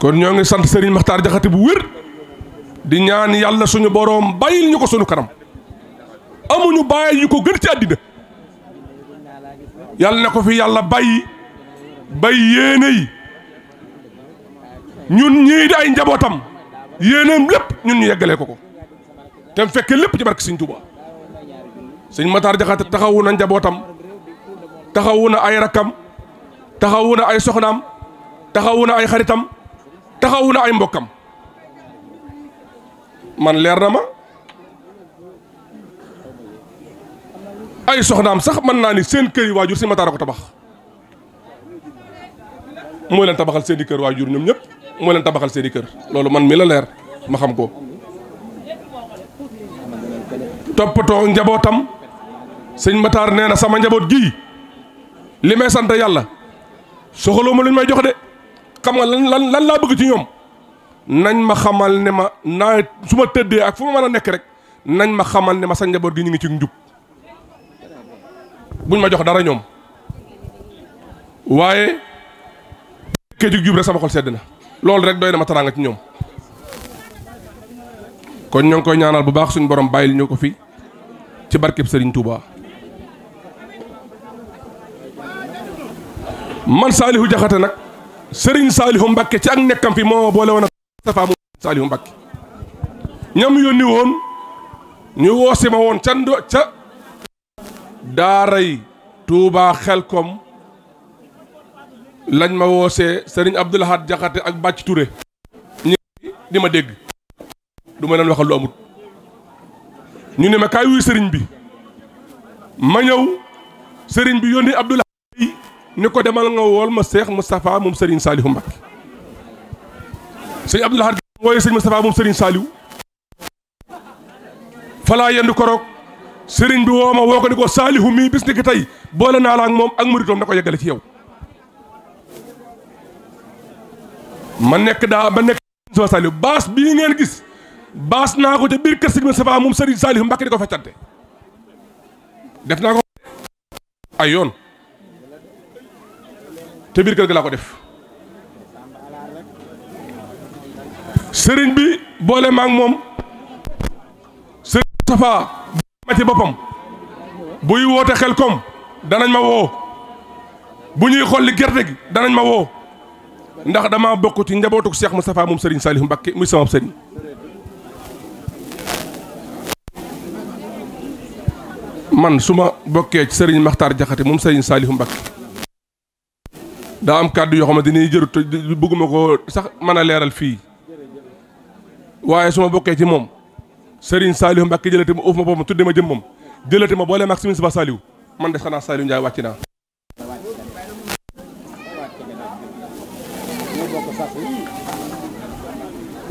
kon ñoo ngi sant sëriñ maxtaar jaxate bu wér di ñaan yàlla suñu boroom bàyyil ñu ko suñu kanam amuñu bàyyi yu ko gën ci àddina yàlla na ko fi yàlla bàyyi bay yéene ñun ñii di ay njabootam yéeneem lépp ñun ñu yeggalee ko ko te mu fekk lépp ci barke Sëñ Tuuba Sëñ Mataar Jaxate taxawu na njabootam taxawu na ay rakkam taxawu na ay soxnaam taxawu na ay xaritam taxawu na ay mbokkam man leer na ma ay soxnaam sax mën naa ni seen kër yi waajur Sëñ Mataar a ko tabax mooy leen tabaxal seen i kër waajur ñoom ñëpp moo leen tabaxal seen i kër loolu man mi la leer ma xam ko toppatoo njabootam sëñ Matar nee na sama njaboot gi li may sant yàlla soxaloo ma lu ñu may jox de xam nga lan lan lan laa bëgg ci ñoom nañ ma xamal ne ma naa su ma tëddee ak fu ma mën a nekk rek nañ ma xamal ne ma sa njaboot gi ñu ngi ci njub buñ ma jox dara ñoom waaye ke jug jub rek sama xol sedd na loolu rek doy na ma ci ñoom kon ñoo ngi koy ñaanal bu baax suñu borom bàyyil ñu ko fi ci barkeb sëriñ Touba. man Salihu Jaxate nag sëriñ Salihu Mbakke ci ak nekkam fi moo boole woon ak Moustapha mu Salihu Mbakke ñam yónni woon ñu woosima woon ca ndo ca daaray Touba Xelkom lañ ma woosee sëriñ Abdoul Ahad Jaxate ak Bàcc Touré ñi di ma dégg du ma leen waxal lu amut ñu ne ma kaay wuy sëriñ bi ma ñëw sëriñ bi yónni Abdoul Ahad ni ko demal nga wool ma Seex Moustapha moom sëriñ Saalihu Mbakke sëñ Abdoul Ahad wooye sëñ Moustapha moom sëriñ Saalihu falaa yendu koroog sëriñ bi woo ma woo ko ni ko Saalihu mii bis tey boole naa la ak moom ak muritoom na ko yeggale ci yow ma nekk daa ma nekk sëñ Saaliw baas bii ngeen gis baas naa ko ca biir kër Sëriñ Moustapha moom Sëriñ Saaliw Mbàkke di ko feccante def naa ko ay yoon te biir kër ga ko def sëriñ bi boole maak moom sëriñ Moustapha ma boppam buy woote xel kom danañ ma woo bu ñuy xolli gerte gi danañ ma woo ndax damaa bokk ci njabootuk Cheikh Moustapha moom Serigne Saliou Mbacké muy sama sëriñ man su ma bokkee ci Serigne Makhtar Diakhaté moom Serigne Saliou Mbacké daa am kàddu yoo xamante ni jërut bëgguma ko sax mën a leeral fii waaye su ma bokkee ci moom Serigne Saliou Mbacké jëlati ma uuf ma boppam tudde ma jëmmam jëlati ma boole maag simin si ba Saliou man de xanaa Saliou Ndiaye wàcc naa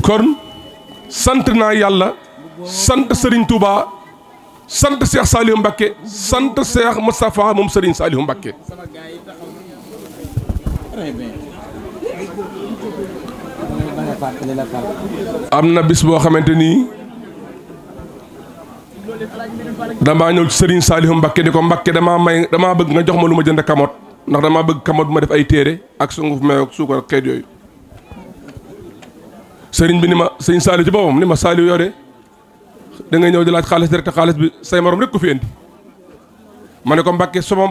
kon sant naa yàlla sant sëriñ Touba sant Cheikh Saliou Mbacké sant Cheikh Moustapha moom Serigne Saliou Mbacké am na bis boo xamante nii damaa ñëw ci Serigne Saliou Mbacké di ko Mbacké damaa may damaa bëgg nga jox ma lu ma jënd kamoot ndax damaa bëgg kamot bu ma def ay téere ak sunguf meew ak suukar xeet yooyu sëriñ bi ni ma sëriñ Saliou ci boppam ni ma Saliou yow de da ngay ñëw di laaj xaalis rek te xaalis bi say morom rek ko fi indi ma ne ko Mbàkke sama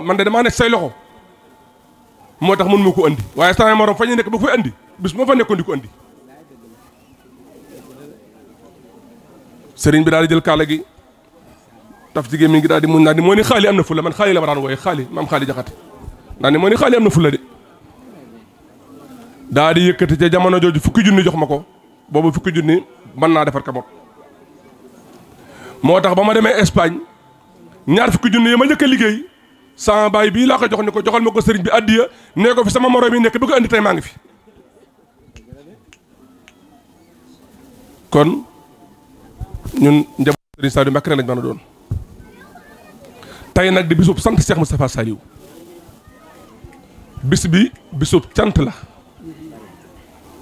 man de ma nekk say loxo moo tax mën ma ko andi waaye sama morom fa nekk ba ko fi andi bis moo fa nekkoon di ko andi sëriñ bi daal di jël kaala gi taf ci gémmiñ gi daal di muñ daal di moo ni xaali am na fulla man xaali la ma daan wooye xaali maam xaali jaxate daal ni moo ni xaali am na fulla de daa di yëkkati ca jamono jooju fukki junni jox ma ko boobu fukki junni mën naa defar kamot moo tax ba ma demee Espagne ñaar fukki junni yi ma njëkk liggéey sama baay bii laa ko jox ni ko joxal ma ko sëriñ bi addiya nee ko fi sama moroom yi nekk bi ko andi tey fi kon ñun njaboot sëriñ Saliou Mbacké doon tey nag di bisub sant Cheikh Moustapha Saliou bis bi bisub cant la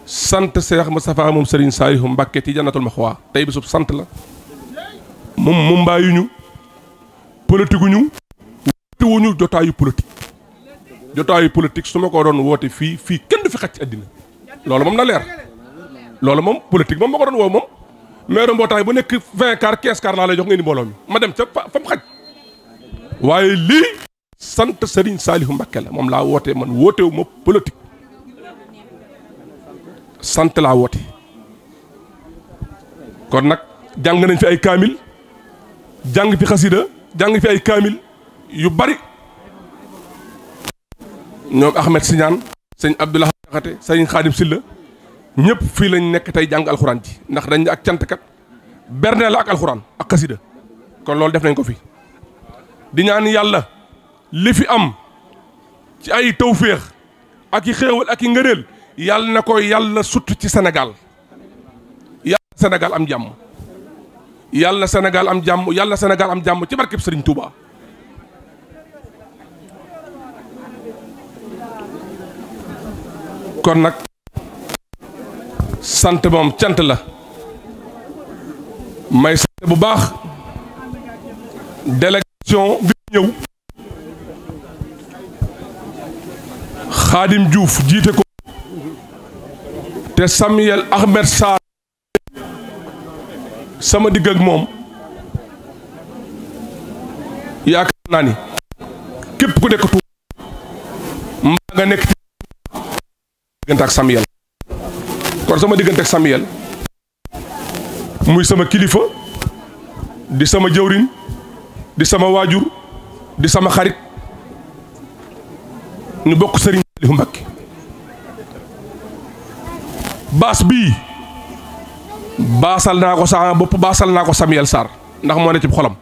sant ma Moustapha moom Serigne Saliou Mbacké ci jannatul maxwa tey bisub sant la moom moom mbaayuñu politique ñu wutiwuñu jotaayu politique jotaayu politique su ma ko doon woote fii fii kenn du fi xaj ci àddina loolu moom na leer loolu moom politique moom ma ko doon woo moom maire mbootaay bu nekk vingt car quinze car laa lay jox nga indi mbooloo mi ma dem ca fa mu xaj waaye lii sant Serigne Saliou Mbacké la moom laa wootee man wootewu ma politique sant laa woti kon nag jàng nañ fi ay kaamil jàng fi xasida jàng fi ay kaamil yu bari ñoom Ahmed Siñaan sëñ Abdoulaye Jaxate sëñ Xaadim Silla ñëpp fii lañ nekk tey jàng alxuraan ji ndax dañ ak cantkat berne la ak alxuraan ak xasida kon loolu def nañ ko fi di ñaan yàlla li fi am ci ay tawféex ak i xéewal ak i ngëreel yàlla na ko yàlla sut ci senegal yàlla na am jàmm yàlla senegal am jàmm yàlla na am jàmm ci barkeb Serigne Touba. kon nag sant moom cant la may sant bu baax délégation bi ñëw Xaadim Diouf jiite ko. te Samuel Ahmed Sarr sama digg ak moom yaakaar naa ni képp ku nekk tuuti mbaa nga nekk ci diggante ak Samuel kon sama diggante ak Samuel muy sama kilifa di sama jëwrin di sama waajur di sama xarit nu bokk sëriñ Aliou Mbacké baas bii baasal naa ko sa bopp baasal naa ko Samuel Sarr ndax moo ne ci xolam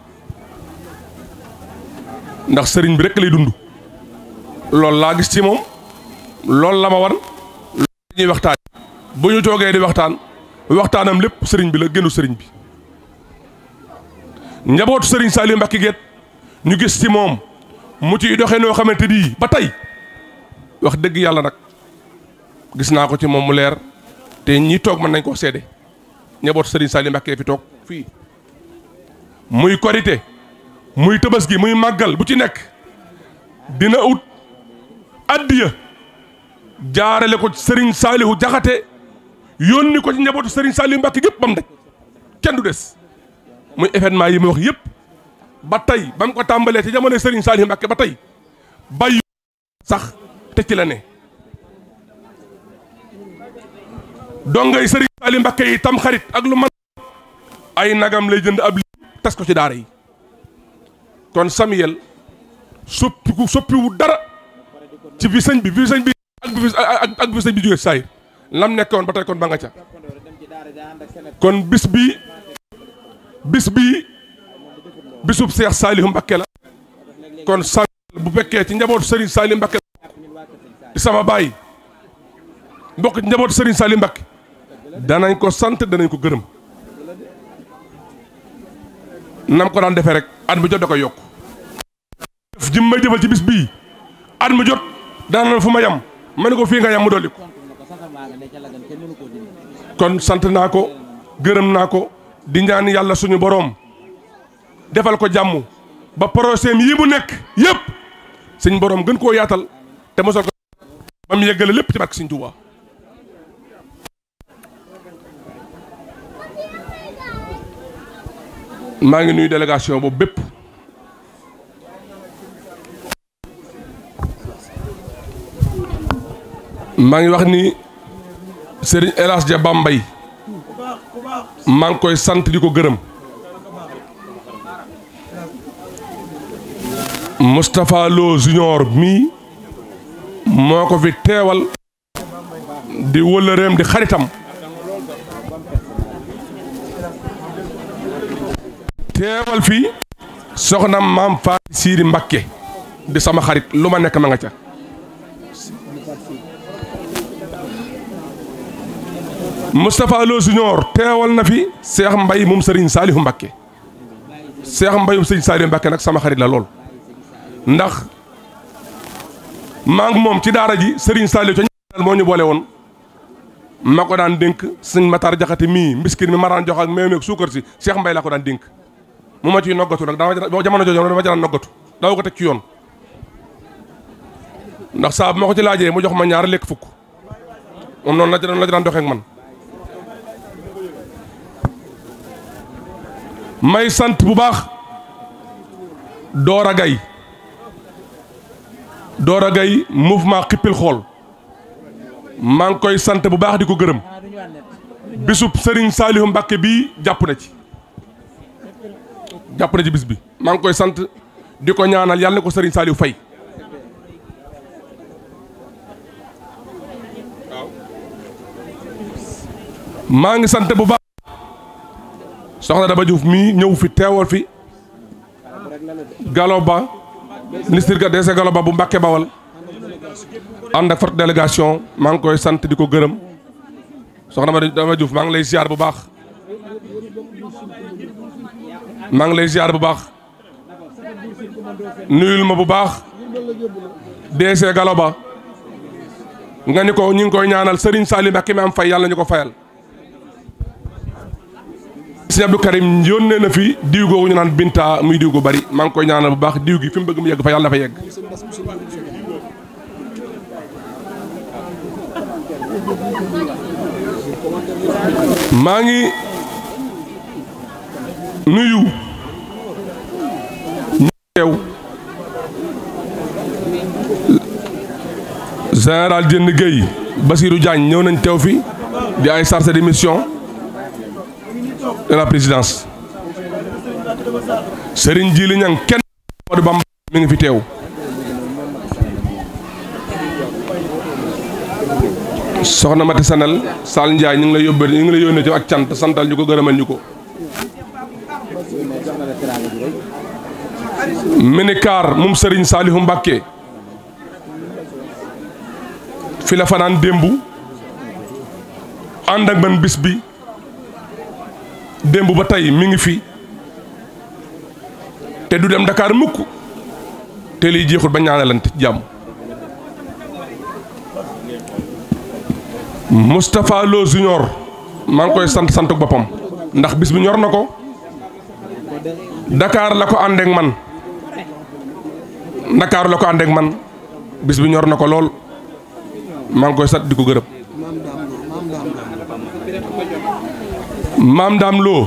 ndax sëriñ bi rek lay dund loolu laa gis ci moom loolu la ma wan loolu ñuy waxtaan bu ñu toogee di waxtaan waxtaanam lépp sëriñ bi la génnu sëriñ bi njabootu sëriñ Saliou Mbacké get ñu gis ci moom mu ci doxee noo xamante ni ba tey wax dëgg yàlla nag gis naa ko ci moom mu leer te ñi toog mën nañ koo seede njaboot Serigne Saliou Mbacké fi toog fii muy korité muy tabaski muy màggal bu ci nekk dina ut addiya jaarale ko Serigne Saliou Diakhaté yónni ko ci njabootu Serigne Saliou Mbacké gépp ba mu daj kenn du des muy événement yi ma wax yëpp ba tey bam ko tàmbalee ci jamono Serigne Saliou Mbacké ba tey bay sax te ci la ne dongay sëriñ Saali Mbakke yi tam xarit ak lu man ay nagam lay jënd ab li tas ko ci daara yi kon Samuel soppiku soppiwu dara ci bi sëñ bi bi sëñ bi ak bi ak bi sëñ bi jógee saay lam nekkoon ba tey kon ba nga ca kon bis bi bis bi bisub seex Saalihu Mbakke la kon Samuel bu bekkee ci njaboot sëriñ Saali Mbakke di sama baay mbokk njaboot sëriñ Saali Mbakke danañ ko sant danañ ko gërëm nam ko daan defee rek at mu jot da koy yokk jëf ji may jëfal ci bis bii at mu jot dana fu ma yam ma ne ko fii nga yam mu dolli ko kon sant naa ko gërëm naa ko di ñaan yàlla suñu boroom defal ko jàmm ba projet yi mu nekk yëpp suñ boroom gën koo yaatal te mosal ko ba mu yeggale lépp ci barke Sëñ Tuubaa maa ngi nuy délégation boobu bépp maa ngi wax ni Serigne El Hadj Bambay maa ngi koy sant di ko gërëm Moustapha Lo Junior mii moo ko fi teewal di wëllëreem di xaritam teewal fi soxna maam Faati Siiri Mbakke di sama xarit lu ma nekk ma nga ca Moustapha Lo Junior teewal na fi Seex Mbay moom Sëriñ Saalihu Mbakke Seex Mbay moom Sëriñ Saalihu Mbakke nag sama xarit la lool ndax maa moom ci daara ji sëriñ Saliou ca ñaareel moo ñu boole woon ma ko daan dénk sëñ Matar Jaxate mii mbiskit mi ma daan jox ak meew suukar si Cheikh mbay laa ko daan dénk mu ma ciy noggatu nag dama jamono jooju dama jaral noggatu daaw ko teg ci yoon ndax saa ko ci laajee mu jox ma ñaar lekk fukk moom noonu la daan la daan doxee ak may sant bu baax Dora Gaye Dora Gaye mouvement xippil xool maa ngi koy sant bu baax di ko gërëm bisub Serigne Saliou Mbacké bii jàpp na ci. jàpp na ci bis bi maa ngi koy sant di ko ñaanal yàlla na ko Serigne Saliou fay maa ngi sant bu baax soxna Daba Diouf mii ñëw fi teewal fi Gallo Ba ministre ga Ba bu Mbàkke Bawal ànd ak forte délégation maa ngi koy sant di ko gërëm soxna Daba Diouf maa ngi lay ziar bu baax maa ngi lay ziar bu baax nuyul ma bu baax DC Galoba nga ni ko ñu ngi koy ñaanal Serigne Salim Mbacké mi am fay yàlla ñu ko fayal. Serigne Abdou Karim yónnee na fi diw googu ñu naan Binta muy diw gu bari maa ngi koy ñaanal bu baax diw gi fi mu bëgg mu yegg fa yàlla fa yegg. maa ngi. nuyu ñu teew général Diène Gueye basiiru Diagne ñëw nañ teew fi di ay chargé de mission de la présidence Serigne Djili Niang kenn Modou ba mi ngi fi teew soxna Mati Sanel Sall Ndiaye ñu ngi la yóbbee ñu ngi lay yónnee ci ak cant santal ñu ko gërëmal ñu ko ni kaar moom Serigne Saalihu Mbàkke fi la fanaan démb àndak ak man bis bi démb ba tey mi ngi fi te du dem Dakar mukk te liy jeexul ba ñaanalante jàmm Moustapha Lo Junior maa ngi koy sant santu boppam ndax bis bi ñor na ko dakaar la ko àndak man ndakaaru la ko ànd ak man bis bi ñor na ko lool maa ngi koy sat di ko gërëm maam daam loo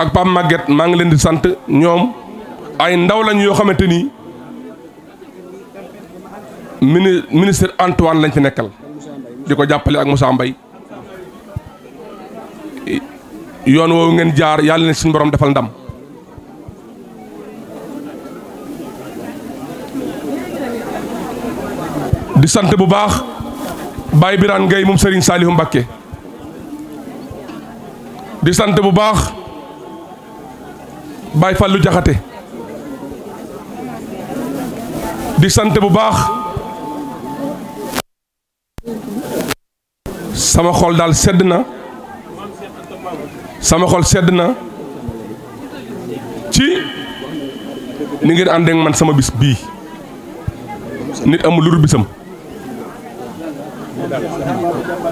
ak Pape màgget maa ngi leen di sant ñoom ay ndaw lañ yoo xamante ni mini ministre Antoine lañ fi nekkal di ko jàppale ak Moussa mbay yoon woowu ngeen jaar yàlla na suñu borom defal ndam di sant bu baax baay Birane Gueye moom Serigne Saliou Mbacké di sant bu baax Baye Fallou Diakhaté di sant bu baax sama xol daal sedd na sama xol sedd na ci ni ngir àndeek man sama bis bii nit amul lu dul bisam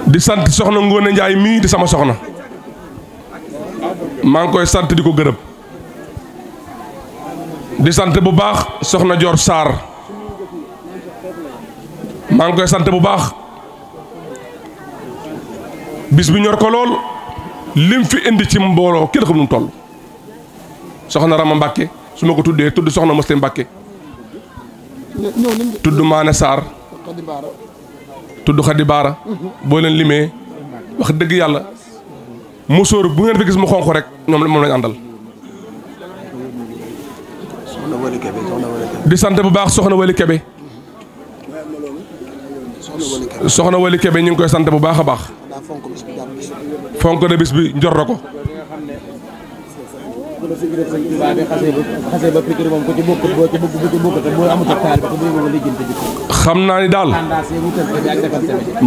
di sant soxna Ngone njaay mii di sama soxna maa ngi koy sant di ko gërëm di sant bu baax soxna Dior Sarr maa ngi koy sant bu baax bis bi ñor ko lool lim fi indi ci mbooloo kenn xam nu toll soxna Rama Mbàkke su ma ko tuddee tudd soxna Muslim Mbàkke tudd Maane Sarr tudd xaddi baara boo leen limee wax dëgg yàlla musóor bu ngeen fi gis mu xonq rek ñoom moom lañ àndal. di sant bu baax soxna Wali Kebe soxna Wali Kebe ñu ngi koy sant bu baax a baax fonk na bis bi njor na ko. xam naa ni daal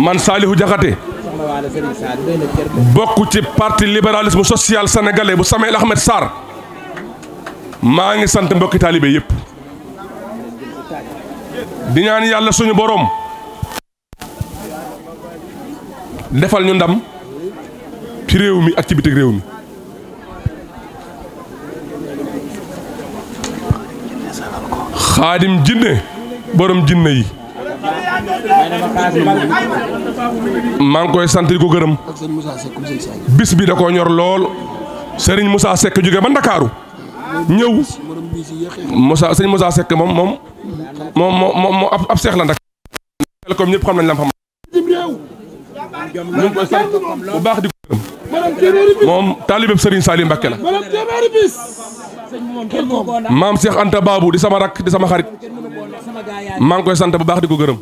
man Salihu Diakhaté bokk ci parti libéralisme social sénégalais bu Samuel Ahmed Sarr maa ngi sant mbokki taalibe yëpp di ñaan yàlla suñu boroom defal ñu ndam ci réew mi ak ci bitik réew mi xaadim jinne borom jinne yi maa ngi koy sant di ko gërëm bis bi da koo ñor lool Serigne Moussa sekk jóge ba Ndakaaru ñëw Moussa sëñ musa Seck moom moom moom moom moom ab seex la ndak xel comme ñëpp xam nañ lam xam ñu ngi koy sant baax di ko gërëm moom taalibeb Serigne Saliou Mbacké la maam seex Anta Babou di sama rakk di sama xarit maa ngi koy sant bu baax di ko gërëm.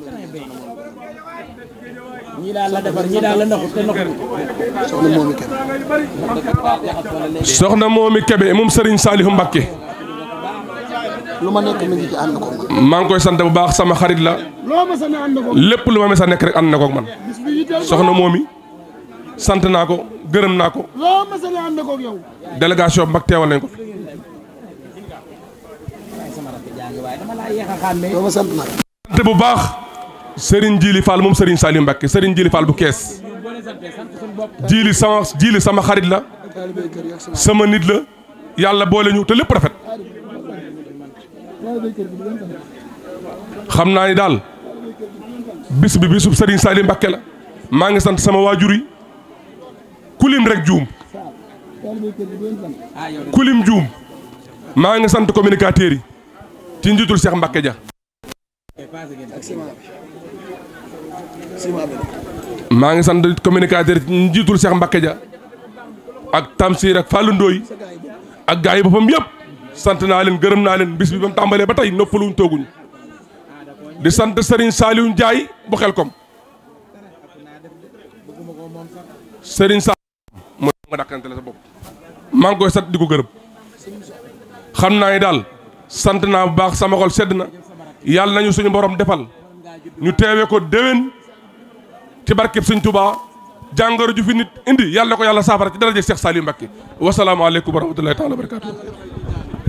soxna moomi Kebe moom Serigne Saliou Mbakke. maa ngi koy sant bu baax sama xarit la lépp lu ma mës a nekk rek ànd na ko ak man soxna moomi sant naa ko gërëm naa ko délégation bu mag teewal nañ ko dama bu baax Serigne Djili Fall moom Serigne Saliou Mbacké Serigne Djili Fall bu kees Djili sama Djili sama xarit la sama nit la yàlla boole ñu te lépp rafet. xam naa ni daal bis bi bisub Serigne Saliou Mbacké la maa ngi sant sama waajur yi kulim rek juum kulim juum maa ngi sant communicateurs yi. ci njiitul Cheikh Mbacke Dia maa ngi sant communicateur ci njiitul Cheikh Mbacke ak Tamsir ak Fallou Ndoye ak gars yi boppam yëpp sant naa leen gërëm naa leen mbis mi ba mu tàmbalee ba tey noppaluñ tooguñ di sant Serigne jaay Ndiaye bu Xelkom Serigne Saliou mooy nga dakkante la sa bopp maa ngi koy sant di ko gërëm xam naa ni daal. sant naa bu baax sama xol sedd na yàlla nañu suñu borom defal ñu teewee ko déwén ci barkeb Sëñ Tuubaa jàngoro ju fi nit indi yàlla ko yàlla saafara ci ji seex Saliou Mbacké wasalaamualeykum wa rahmatullahi taala wa barakatuh